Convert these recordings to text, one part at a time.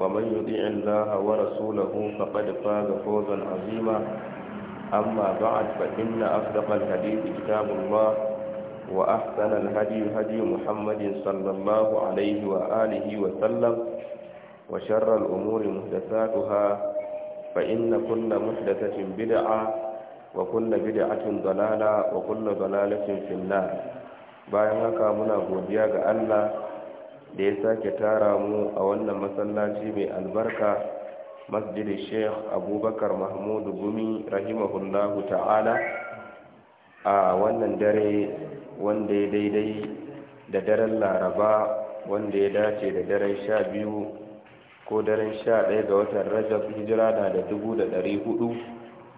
ومن يطيع الله ورسوله فقد فاز فوزا عظيما أما بعد فإن أصدق الحديث كتاب الله وأحسن الهدي هدي محمد صلى الله عليه وآله وسلم وشر الأمور محدثاتها فإن كل محدثة بدعة وكل بدعة ضلالة وكل ضلالة في النار bayan haka muna godiya ga Allah da ya sake tara mu a wannan masallaci mai albarka masjidin sheikh abubakar mahmudu gumi rahimahullahu ta'ala a wannan dare wanda ya daidai da daren laraba wanda ya dace da daren sha biyu ko daren sha ɗaya ga watan rajab hijira na da dubu da ɗari hudu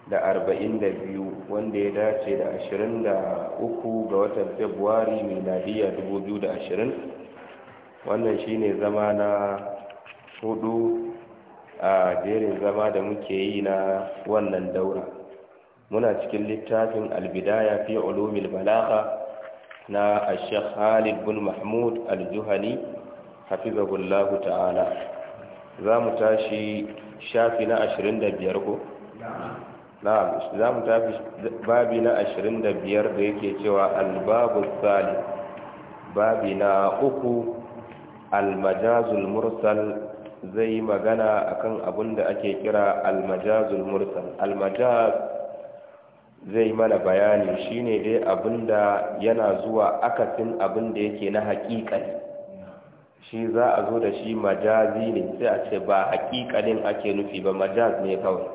da arba'in da biyu wanda ya dace da ashirin da uku ga watan februari miladiyya dubu biyu da ashirin wannan shine zama na hudu a jerin zama da muke yi na wannan daura muna cikin littafin albidaya fi ulumil balagha na ash-shaykh Khalid bin Mahmud al-Juhani hafizahullahu ta'ala zamu tashi shafi na 25 ko na'am zamu tafi babi na 25 da yake cewa al-babu babi na uku almajazul mursal zai yi magana akan abun da ake kira almajazul mursal almajaz zai mana bayani shine dai abinda yana zuwa akasin abin da yake na haƙiƙani shi za a zo da shi majazi ne sai a ce ba din ake nufi ba majaz ne kawai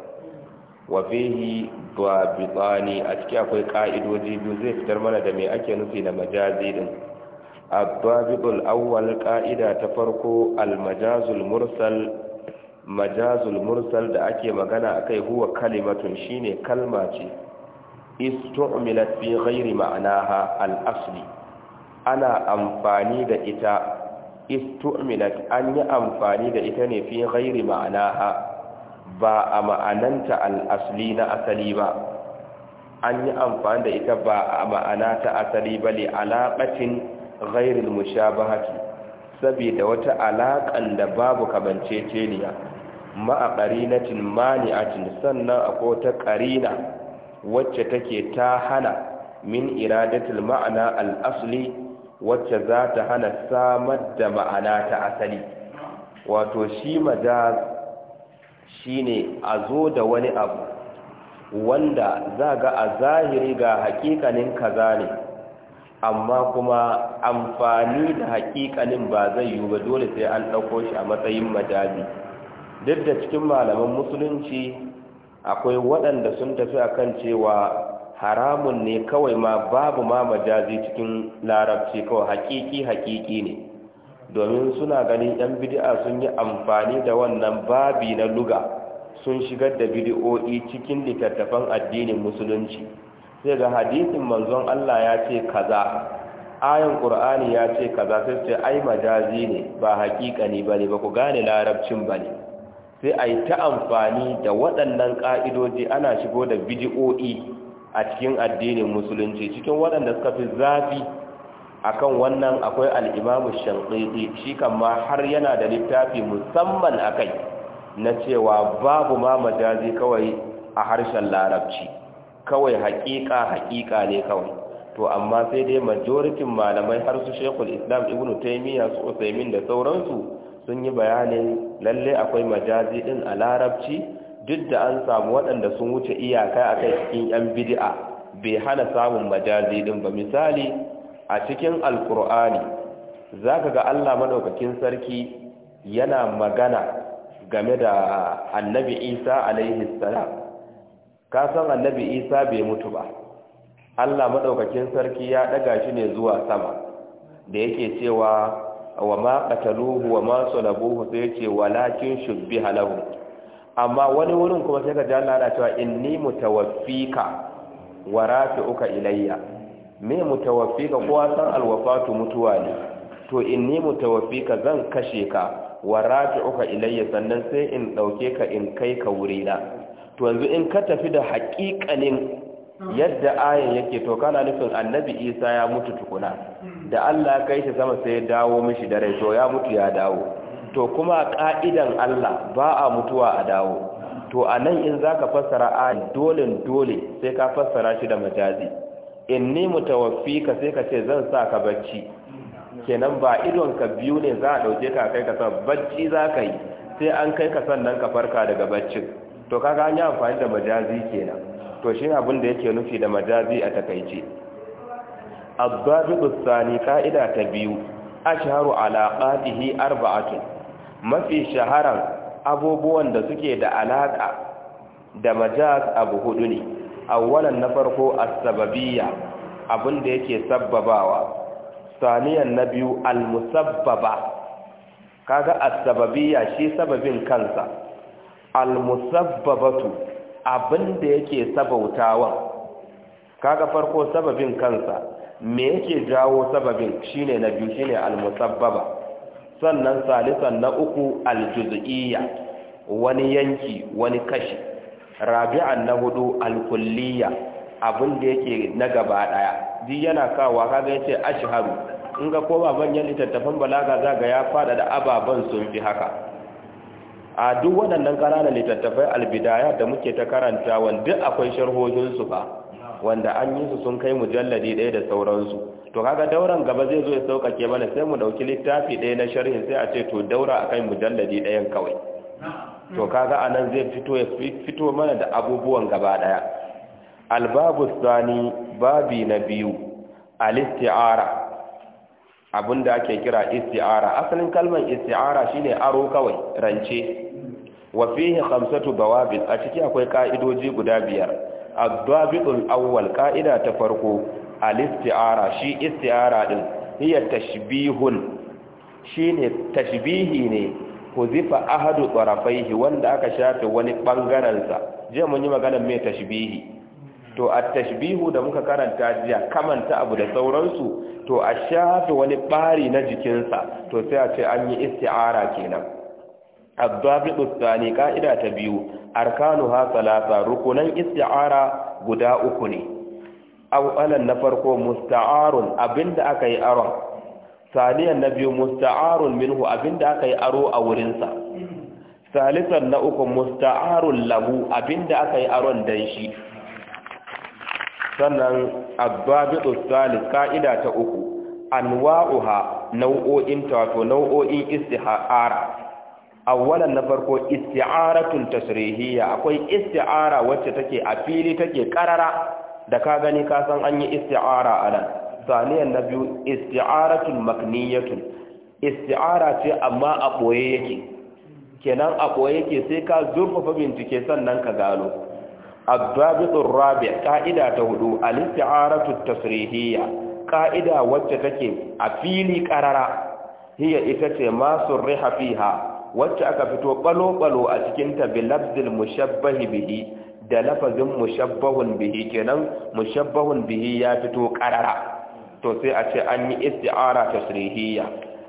wafihi ba bitsani a ciki akwai ƙa'idoji biyu zai fitar mana da me ake nufi da majazi din الضابط الأول قائدة تفرقو المجاز المرسل مجاز المرسل دا أكي مغانا أكي هو كلمة شيني كلمة استعملت في غير معناها الأصلي أنا أمفاني دا إتا استعملت أني أمفاني دا إتاني في غير معناها با أما أننت الأصلين أسليبا أني أمفاني دا إتا با أما أنات أسليبا لعلاقة ghairil mushabahati saboda wata alaƙan da babu kamanceceniya a qarinatin mani'atin sannan akwai wata qarina wacce take ta hana min iradatil ma'ana al-asli wacce za ta hana samar da ma'ana ta asali wato shi majaz shine a zo da wani abu wanda za ga a zahiri ga hakikanin kaza ne amma kuma amfani da haƙiƙanin ba zai yiwu ba dole sai an ɗauko shi a matsayin majaji duk da cikin malaman musulunci akwai waɗanda sun tafi akan cewa haramun ne kawai ma babu ma majazi cikin larabci kawai haƙiƙi haƙiƙi ne domin suna ganin yan bidi'a sun yi amfani da wannan babi na luga sun shigar da bidi'o'i cikin littattafan addinin musulunci sai ga hadisin manzon Allah ya ce kaza ayan qur'ani ya ce kaza sai ce ai majazi ne ba haƙiƙani ne ba ku gane larabcin bane sai ai ta amfani da waɗannan ka'idoji ana shigo da bidi'o'i a cikin addinin musulunci cikin waɗanda suka fi zafi akan wannan akwai al-Imam Shanqiti shi kan ma har yana da littafi musamman a kai na cewa babu ma majazi kawai a harshen larabci kawai haƙiƙa haƙiƙa ne kawai to amma sai dai majoritin malamai har su shekul islam ibnu taimiyya su usaimin da sauransu sun yi bayanin lalle akwai majazi din a larabci duk da an samu waɗanda sun wuce iyaka a kai cikin yan bidi'a, bai hana samun majazi din ba misali a cikin alkur'ani ka ga Allah madaukakin sarki yana magana game da annabi Isa alaihi salam ka san annabi isa bai mutu ba allah maɗaukakin sarki ya ɗaga shi ne zuwa sama da yake cewa wa ma qataluhu wa ma salabuhu sai ce walakin shubbi halahu amma wani wurin kuma sai ka ji Allah cewa inni mutawaffika wa rafi'uka ilayya me mutawaffika ko san alwafatu mutuwa ne to inni mutawaffika zan kashe ka wa rafi'uka ilayya sannan sai in dauke ka in kai ka wurina to yanzu in ka tafi da haƙiƙanin yadda ayan yake to kana nufin annabi isa ya mutu tukuna da allah ya kai shi sama sai ya dawo mishi da rai to ya mutu ya dawo to kuma ka'idan allah ba a mutuwa a dawo to a nan in za ka fassara ayan dole dole sai ka fassara shi da majazi in ni tawafi ka sai ka ce zan sa ka bacci kenan ba idon ka biyu ne za a ɗauke ka kai ka sa bacci za ka yi sai an kai ka sannan ka farka daga baccin to kaga an yi amfani da majazi kenan to shi abin da yake nufi da majazi a takaice abdabiqus sani ka'ida ta biyu ashharu alaqatihi arba'atun mafi shaharan abubuwan da suke da alaka da majaz abu hudu ne awwalan na farko as-sababiyya abin da yake sabbabawa saniyan na biyu al-musabbaba kaga as shi sababin kansa almusabbabatu abinda yake sabautawa kaga farko sababin kansa me yake jawo sababin shine na biyu shine almusabbaba sannan salisan na uku aljuz'iyya wani yanki wani kashi rabi'an na hudu alkulliyya abinda yake na gaba daya di yana kawa kaga yace ashharu in ga ko baban yan littattafan balaga zaga ya fada da ababan sun fi haka a duk waɗannan ƙananan littattafai albidaya da muke ta karanta wanda akwai sharhojinsu ba wanda an yi su sun kai mujalladi ɗaya da sauransu to kaga dauran gaba zai zo ya sauƙaƙe mana sai mu ɗauki littafi ɗaya na sharhin sai a ce to daura a kai mujalladi ɗayan kawai to kaga a nan zai fito ya fito mana da abubuwan gaba ɗaya albabu sani babi na biyu alisti'ara abinda ake kira isti'ara asalin kalmar isti'ara shine aro kawai rance wa hamsatu khamsatu a ciki akwai ka'idoji guda biyar a dabitul awwal ka'ida ta farko al-isti'ara shi isti'ara din hiya tashbihun shine tashbihi ne zifa ahadu tarafaihi wanda aka shafe wani bangaren sa je mun yi magana mai tashbihi to at-tashbihu da muka karanta jiya kamanta abu da sauransu to a shafe wani bari na jikinsa to sai a ce an yi isti'ara kenan addabitu tsani ka'ida ta biyu arkanuha salasa rukunan isti'ara guda uku ne ala na farko musta'arun abinda aka yi na biyu musta'arun minhu abinda aro a wurinsa salisan na uku musta'arun labu abinda aka yi aron dan shi sannan addabitu salis ka'ida ta uku anwa'uha nau'o'in tato nau'o'in istihara awwalan na farko isti'aratul tasrihiyya akwai isti'ara wacce take a fili take karara da ka gani ka san an yi isti'ara a nan saniyan na biyu isti'aratun makniyatun isti'ara ce amma a ɓoye yake kenan a ɓoye yake sai ka zurfafa bincike sannan ka gano abdabitun rabi ka'ida ta hudu al isti'aratul tasrihiyya ka'ida wacce take a fili karara hiya ita ce masu riha fiha wacce aka fito ƙwalo-ƙwalo a cikinta bilabdil mushabbahi bihi da lafazin mushabbahun bihi kenan mushabbahun bihi ya fito ƙarara to sai a ce an yi isti'ara tasrihiyya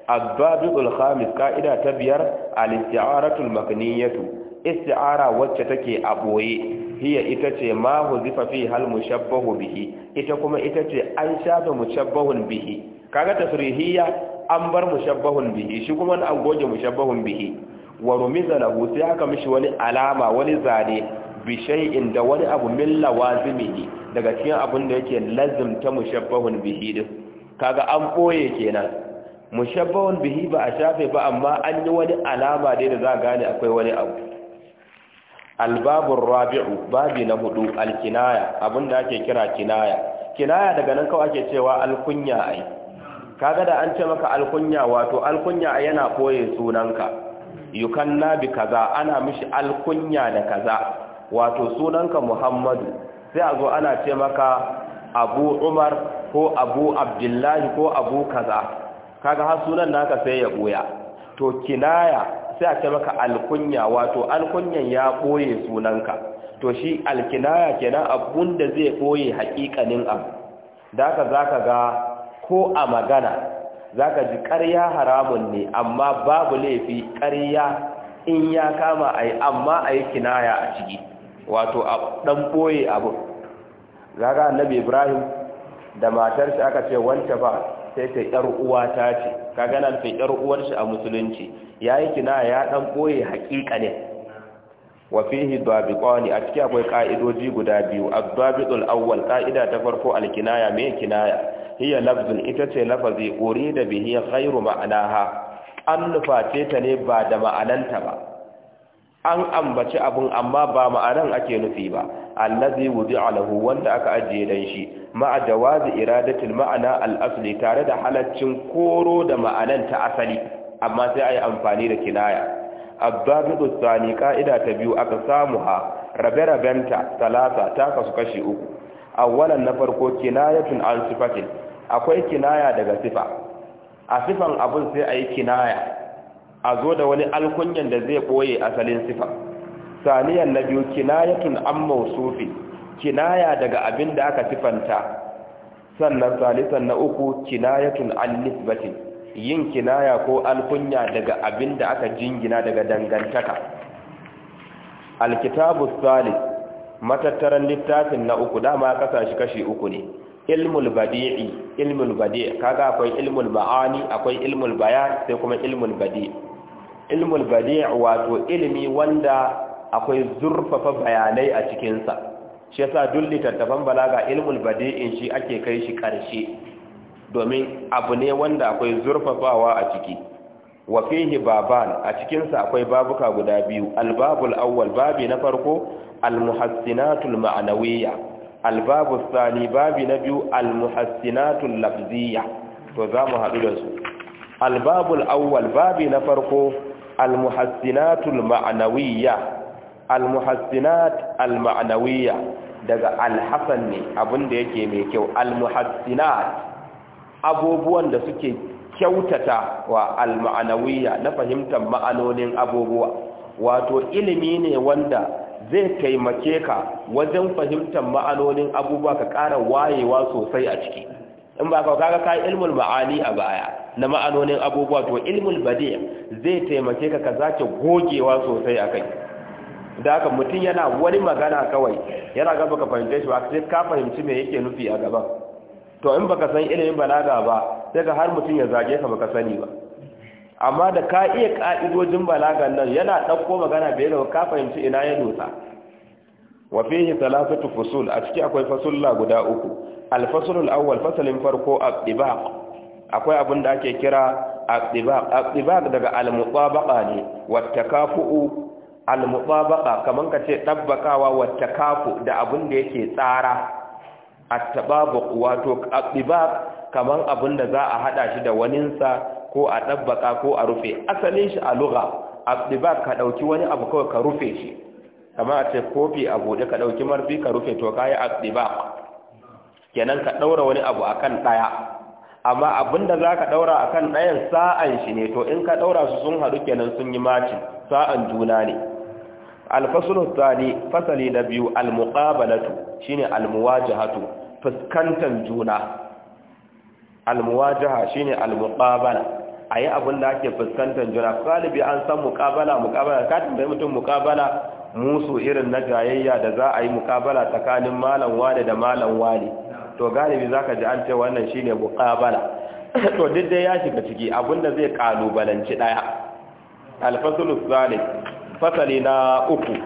abbabiul khamis ka'ida ta biyar al-isti'aratul makniyatu isti'ara wacce take a boye hiya ita ce ma huzifa fi hal mushabbahu bihi ita kuma ita ce an shafe mushabbahun bihi kaga tasrihiyya an bar mushabbahun bihi shi kuma an goge mushabbahun bihi wa rumiza lahu sai aka mishi wani alama wani zane bi shay'in da wani abu min lawazimihi daga cikin abin da yake lazimta mushabbahun bihi din kaga an boye kenan mushabbahun bihi ba a shafe ba amma an yi wani alama dai da za gane akwai wani abu albabur rabi'u babi na hudu alkinaya abin da ake kira kinaya kinaya daga nan kawai ake cewa alkunya ai kaga da an ce maka alkunya wato alkunya yana koye sunanka yukanna bi kaza ana mishi alkunya da kaza wato sunanka muhammadu sai a zo ana ce maka abu umar ko abu abdullahi ko abu kaza kaga har sunan naka sai ya boya to kinaya sai a ce maka alkunya wato alkunyan ya koyi sunanka to shi alkinaya kenan abun da zai koyi haƙiƙanin abu da za ka ga ko a magana zaka ji ƙarya haramun ne amma babu laifi karya in ya kama a yi amma a yi kinaya a ciki wato a ɗan ɓoye abu zaga annabi ibrahim da matarsa aka ce wanta ba sai ta uwa uwata ce ka gana ta ‘yar uwarsa a musulunci ya yi kinaya ya ɗan ɓoye haƙiƙa ne wafihi dabiqani a ciki akwai ka'idoji guda biyu ad-dabiqul awwal ka'ida ta farko al mai me kinaya hiya lafzun ita ce lafazi uri da bihi ghairu ma'anaha an nuface ta ne ba da ma'ananta ba an ambaci abun amma ba ma'anan ake nufi ba allazi wuzi alahu wanda aka ajiye dan shi ma'a jawazi iradatul ma'ana al tare da halaccin koro da ma'anan ta asali amma sai ayi amfani da kinaya abdabidu tsani ka'ida ta biyu aka samu ha rabe-rabenta talata ta kasu kashi uku awwalan na farko kinayatun an sifatin akwai kinaya daga sifa a sifan abun sai a yi kinaya a zo da wani alkunyan da zai ɓoye asalin sifa saniyan na biyu kinayatun an mausufi kinaya daga abin da aka sifanta sannan salisan na uku kinayatun an nisbatin yin kinaya ko alkunya daga abin da aka jingina daga dangantaka alkitabu salis matattaran littafin na uku dama kasa shi kashi uku ne ilmul badi'i ilmul badi' kaga akwai ilmul ma'ani akwai ilmul bayan sai kuma ilmul badi' ilmul badi' wato ilimi wanda akwai zurfafa bayanai a cikin sa shi yasa duk littattafan balaga ilmul badi'in shi ake kai shi karshe domin abu ne wanda akwai zurfafawa a ciki wa fihi baban a cikin sa akwai babuka guda biyu albabul awwal babi na farko al muhassinatul ma'anawiyya albabu sani babi na biyu almuhassinatul lafziya to za mu haɗu da su albabul awwal babi na farko almuhassinatul ma'anawiyya almuhassinat alma'anawiyya daga alhassan ne abinda yake mai kyau almuhassinat abubuwan da suke kyautata wa alma'anawiyya na fahimtar ma'anonin abubuwa wato ilimi ne wanda zai taimake ka wajen fahimtar ma'anonin abubuwa ka ƙara wayewa sosai a ciki in ba ka kaga ka ilmul ma'ani a baya na ma'anonin abubuwa to ilmul badi zai taimake ka ka zake gogewa sosai a kai da haka mutum yana wani magana kawai yana gaba ka fahimce shi ba sai ka fahimci me yake nufi a gaban to in baka san ilimin balaga ba sai ka har mutum ya zage ka baka sani ba amma da ka iya ka'idojin balagan nan yana ɗauko magana bai da ka fahimci ina ya dotsa wa fihi thalathatu fusul a ciki akwai fasulla guda uku al-faslul awwal fasalin farko aqtibaq akwai abin da ake kira aqtibaq aqtibaq daga al-mutabaqa ne wa takafu'u al-mutabaqa kaman kace tabbakawa wa takafu da abin da yake tsara at tababu wato aqtibaq kaman abin da za a hada shi da waninsa ko a ɗabbaƙa ko a rufe asalin shi a lura ba ka ɗauki wani abu kawai ka rufe shi kama a ce kofi a buɗe ka ɗauki marfi ka rufe to ka yi ba kenan ka ɗaura wani abu a kan ɗaya amma abin da za ka ɗaura a kan ɗayan sa'an shi ne to in ka ɗaura su sun haɗu kenan sun yi maci sa'an juna ne alfasulun tsani fasali na biyu almuƙabalatu shine almuwajahatu fuskantar juna almuwajaha shine almuqabala ayi abin da ake fuskantar juna galibi an san muqabala muqabala ka tambayi mutum muqabala musu irin na jayayya da za a yi muqabala tsakanin malam wani da malam wani to galibi zaka ji an ce wannan shine muqabala to duk dai ya shiga ciki abinda zai kalubalanci daya alfasul zalim fasali na uku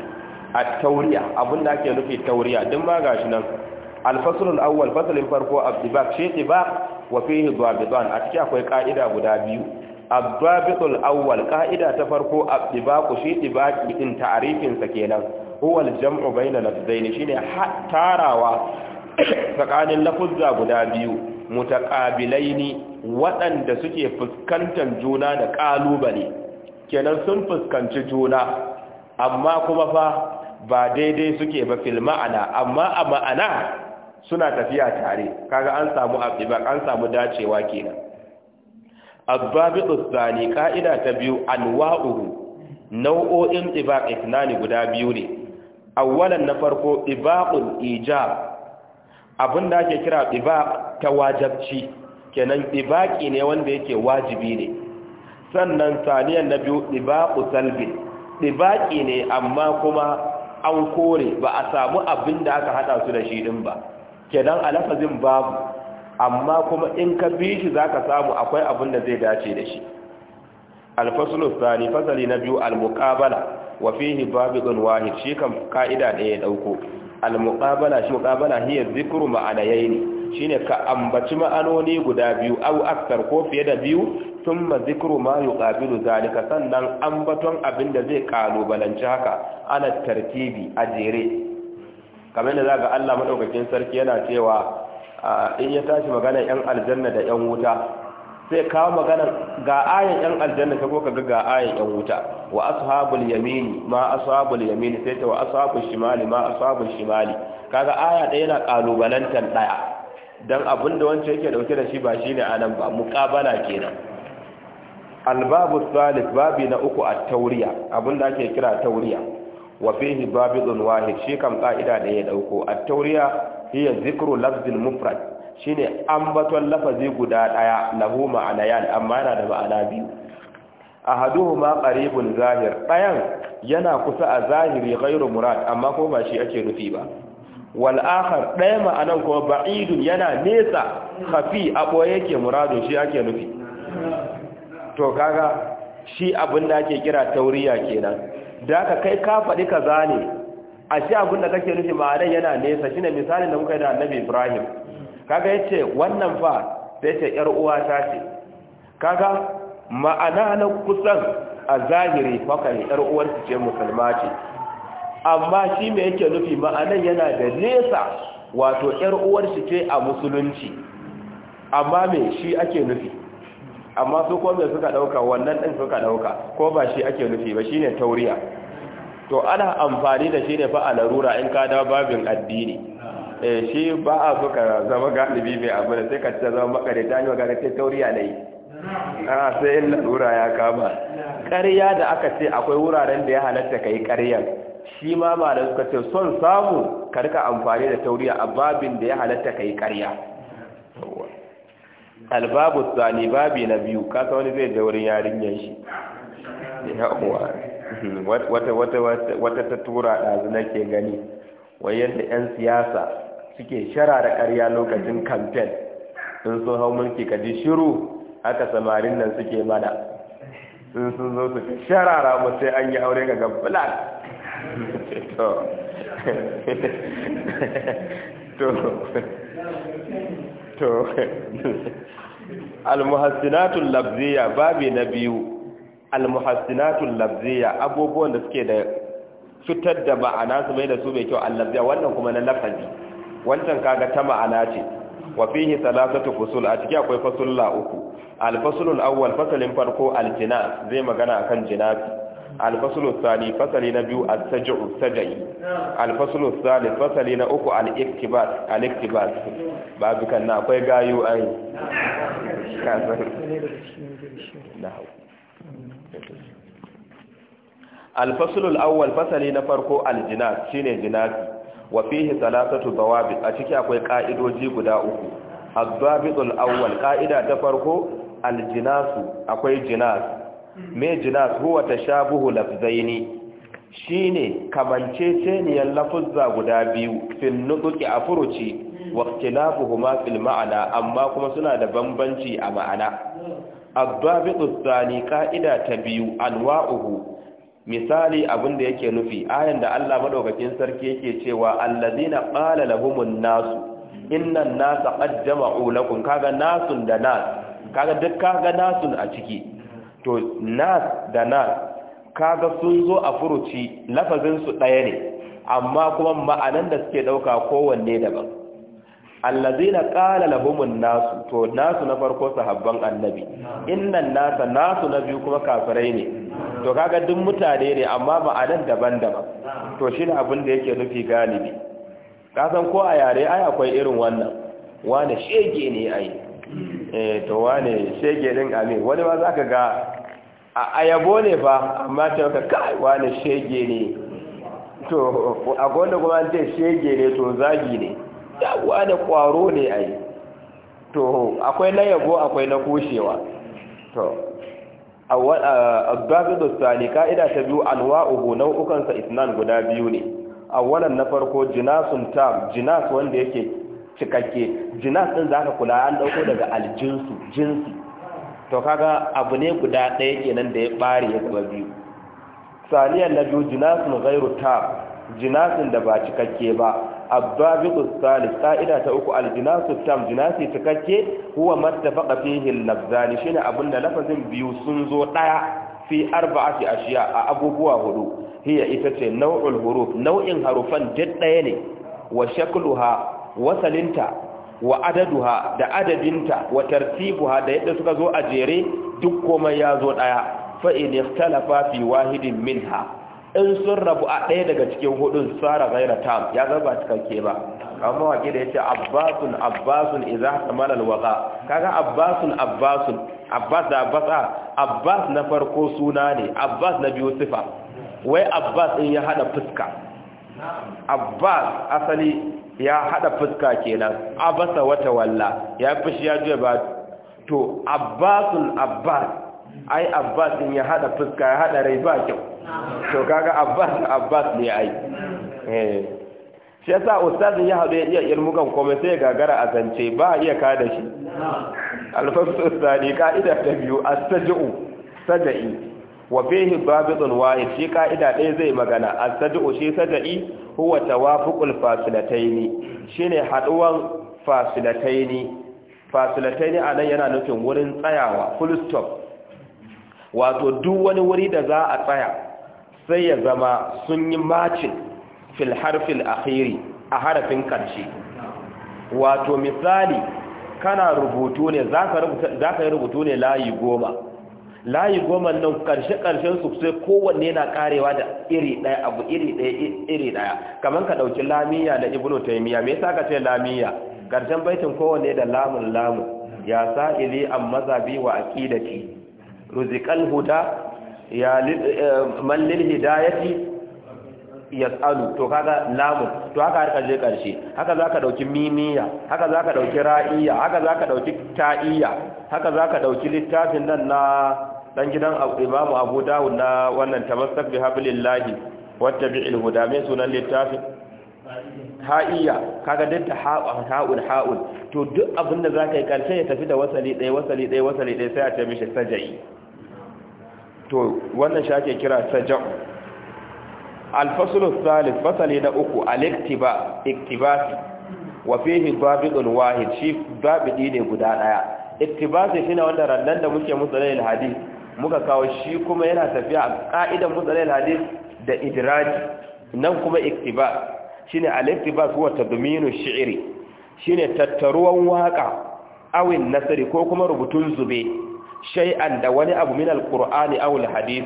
a tauriya abinda ake nufi tauriya din ma gashi nan alfasul awwal fasalin farko abdibak shi ibak wa fihi a cikin akwai ka'ida guda biyu abdabitul awwal ka'ida ta farko abdibaqu shi dibaqi din ta'arifinsa kenan huwa jamu baina lafzaini shine tarawa tsakanin lafuzza guda biyu mutaqabilaini waɗanda suke fuskantar juna da kalubale kenan sun fuskanci juna amma kuma fa ba daidai suke ba fil ma'ana amma a ma'ana suna tafiya tare kaga an samu aqiba an samu dacewa kenan abbabitu tsani ka'ida ta biyu anwa'uhu nau'o'in ibaq ithnani guda biyu ne awwalan na farko ibaqul ijab abinda ake kira ibaq ta wajabci kenan ibaqi ne wanda yake wajibi ne sannan saniyan na biyu ibaqu salbi ibaqi ne amma kuma an kore ba a samu abinda aka hada su da shi din ba kenan a lafazin babu amma kuma in ka bi shi za ka samu akwai abin da zai dace da shi alfasulus sani fasali na biyu almuqabala wa fihi babidun wahid shi kan ka'ida ɗaya ya dauko almuqabala shi muqabala hiya zikru ma'anayaini shine ka ambaci ma'anoni guda biyu au akthar ko fiye da biyu thumma zikru ma yuqabilu zalika sannan ambaton abin da zai kalubalanci haka ala tartibi a jere kamar yadda za ga Allah maɗaukakin sarki yana cewa in ya tashi magana yan aljanna da yan wuta sai kawo magana ga ayan yan aljanna ta koka ga ayan yan wuta wa ashabul yamini ma ashabul yamini sai ta wa ashabul shimali ma ashabul shimali kaga aya ɗaya yana kalubalantan ɗaya dan abinda wancan yake dauke da shi ba shine anan ba muqabala kenan albabu salis babi na uku a tauriya abinda ake kira tauriya wa fihi babidun wahid shi kam ka'ida da ya dauko A tawriya hiya zikru lafzil mufrad shine ambaton lafazi guda daya lahu ma'anayan amma yana da ma'ana biyu ahaduhuma qaribun zahir ɗayan yana kusa a zahiri ghairu murad amma ko ba shi ake nufi ba wal ɗaya daya ma'anan kuma ba'idun yana nesa khafi abo yake muradun shi ake nufi to kaga shi abin da ake kira tauriya kenan da aka kai ka faɗi ka zane a shi abin da kake nufi ma'adan yana nesa shi ne misalin da muka yi da annabi ibrahim kaga ya ce wannan fa sai ce ‘yar uwa ta ce kaga ma'ana na kusan a zahiri fakari ‘yar su ce musulma ce amma shi mai yake nufi ma'anan yana da nesa wato ‘yar su ce a musulunci amma mai shi ake nufi amma su ko me suka dauka wannan din suka dauka ko ba shi ake nufi ba shine tauriya to ana amfani da shi ne fa a larura in ka da babin addini eh shi ba a suka zama galibi mai abu sai ka ta zama makare ta yi ga ta tauriya ne a sai in larura ya kama ƙarya da aka ce akwai wuraren da ya halatta ka yi ƙaryar shi ma ba da suka ce son samu ka rika amfani da tauriya a babin da ya halatta ka yi ƙarya albabu tsani babi na biyu kasa wani zai je wurin yarinyar shi wata ta tura ɗazu ke gani wai yadda 'yan siyasa suke shara da ƙarya lokacin kamfen sun sun hau mulki ka ji shiru aka samarin nan suke mana sun sun zo su sharara mu an yi aure ga gabbala to to almuhassinatul labziya babi na biyu almuhassinatul labziya abubuwan da suke da fitar da ma'ana su mai da su mai kyau allabziya wannan kuma na lafazi wancan kaga ta ma'ana ce wa fihi salasatu fusul a cikin akwai fasulla uku alfasulul awwal fasalin farko aljina zai magana akan jinafi alfasulu sani fasali na biyu al-saj'u sajai sani fasali na uku al-iktibas al-iktibas akwai gayu ai alfasulu fasali na farko al shine jinati wa fihi thalathatu a ciki akwai ka'idoji guda uku ad-dabitul awwal ka'ida ta farko al akwai jinas me jinas huwa tashabuhu lafzaini shine kamanceceniyar lafuzza guda biyu fil nutuki a furuci wa ikhtilafuhuma fil ma'ana amma kuma suna da bambanci a ma'ana abdabitu tsani ka'ida ta biyu anwa'uhu misali abin da yake nufi ayan da Allah madaukakin sarki yake cewa allazina qala lahumun nasu innan nasa qad jama'u lakum kaga nasun da nas kaga duk kaga nasun a ciki to nas da nas kaga sun zo a furuci lafazin su ɗaya ne amma kuma ma'anan da suke ɗauka kowanne daban allazina qala lahumun nasu to nasu na farko sahabban annabi innan nasa nasu na biyu kuma kafirai ne to kaga duk mutane ne amma ma'anan daban-daban to shi ne abin da yake nufi galibi kasan ko a yare ai akwai irin wannan wane shege ne ai eh to wane shege din amin wani ma zaka ga a yabo ne ba amma ta yaka kai wani shege ne to a gwanda kuma an ce shege ne to zagi ne ya wani kwaro ne a yi to akwai na yabo akwai na kushewa to abbasu dostani ka'ida ta biyu anwa'uhu nau'ukansa isnan guda biyu ne a wannan na farko jinasun tam jinas wanda yake cikakke jinas ɗin za ka kula an ɗauko daga aljinsu jinsi to kaga abu ne guda ɗaya kenan da ya ɓare ya zama biyu saniyan na biyu jinasin gairu ta jinasin da ba cikakke ba bi salis ka'ida ta uku aljinasu tam jinasi cikakke huwa mattafaqa fihi al-lafzan shine abinda lafazin biyu sun zo daya fi arba'ati ashiya a abubuwa hudu hiya ita ce nau'ul huruf nau'in harufan duk daya ne wa shakluha wasalinta wa adaduha da adadinta wa tartibuha da yadda suka zo a jere duk komai ya zo daya fa in ikhtalafa fi wahidin minha in sun rabu a ɗaya daga cikin hudun sara ghaira tam ya zaba cikakke ba amma wake da yace abbasun abbasun idza tamala alwaqa kaga abbasun abbasun abbas da abbasa ah, abbas na farko suna ne abbas na biyu sifa wai abbas in ya hada fuska abbas asali ya hada fuska kenan abasa wata walla ya fushi ya juya ba to abbasul abbas ai abbas din ya hada fuska ya hada rai ba kyau to kaga abbas abbas ne ai eh. shi yasa ustaz ya hado ya iya ilmukan komai sai gagara a zance ba iya ka da shi alfasu ustadi ka'ida ta biyu as sada'i wa fihi babidun wahid shi ka'ida ɗaya zai magana as-sad'u shi sada'i huwa tawafuqul fasilataini shine haduwan fasilataini fasilataini anan yana nufin wurin tsayawa full stop wato duk wani wuri da za a tsaya sai ya zama sun yi macin fil harfil akhiri a harafin karshe wato misali kana rubutu ne za ka yi rubutu ne layi goma layi goma nan karshe karshen su sai kowanne na karewa da iri daya abu iri daya iri daya kaman ka dauki lamiya da ibnu taymiya me yasa ka ce lamiya karshen baitin kowanne da lamun lamun ya sa ili an mazabi wa aqidati ruziqal huda ya eh, man lil hidayati tsalu to kaga lamun to haka har kaje karshe haka zaka dauki mimiya haka zaka dauki ra'iya haka zaka dauki ta'iya haka zaka dauki littafin nan na dan gidan Imam Abu Dawud na wannan tamassak bi hablillahi wattabi'il huda mai sunan littafin ha'iya kaga dinta ha'un ha'un ha'un to duk abinda zaka yi karshe ya tafi da wasali ɗaya wasali ɗaya wasali ɗaya sai a ce mishi sajai to wannan shake kira Sajan. al-faslu thalith fasali na uku al-iktiba iktibasi wa fihi babidun wahid shi babidi ne guda daya iktibasi shine wanda rannan da muke musalin hadisi muka kawo shi kuma yana tafiya a ka'idan mutsalil hadis da idraji nan kuma iktibas shine al-iktibas huwa tadminu shi'ri shine tattaruwan waƙa awin nasiri ko kuma rubutun zube shay'an da wani abu min al-qur'ani aw hadisi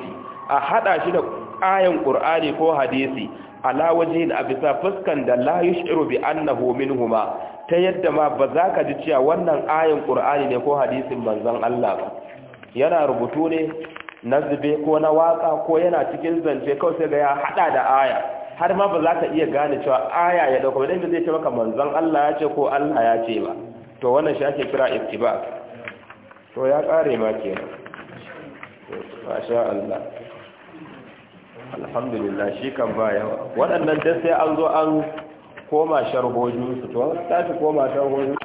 a haɗa shi da ayan ƙur'ani ko hadisi ala wajhin abisa fuskan da la yush'iru bi annahu minhuma ta yadda ma ba za ka ji cewa wannan ayan ƙur'ani ne ko hadisin manzon Allah ba yana rubutu ne na zube ko na waka ko yana cikin zance kawai sai ga ya hada da aya har ma ba za ka iya gane cewa aya ya dauka wadanda zai ce maka manzon Allah ya ce ko Allah ya ce ba to wannan shi ake kira ittiba to ya kare ma kenan masha Allah alhamdulillah shi kan ba yawa waɗannan dai sai an zo an koma sharhojinsu to ta koma sharhojinsu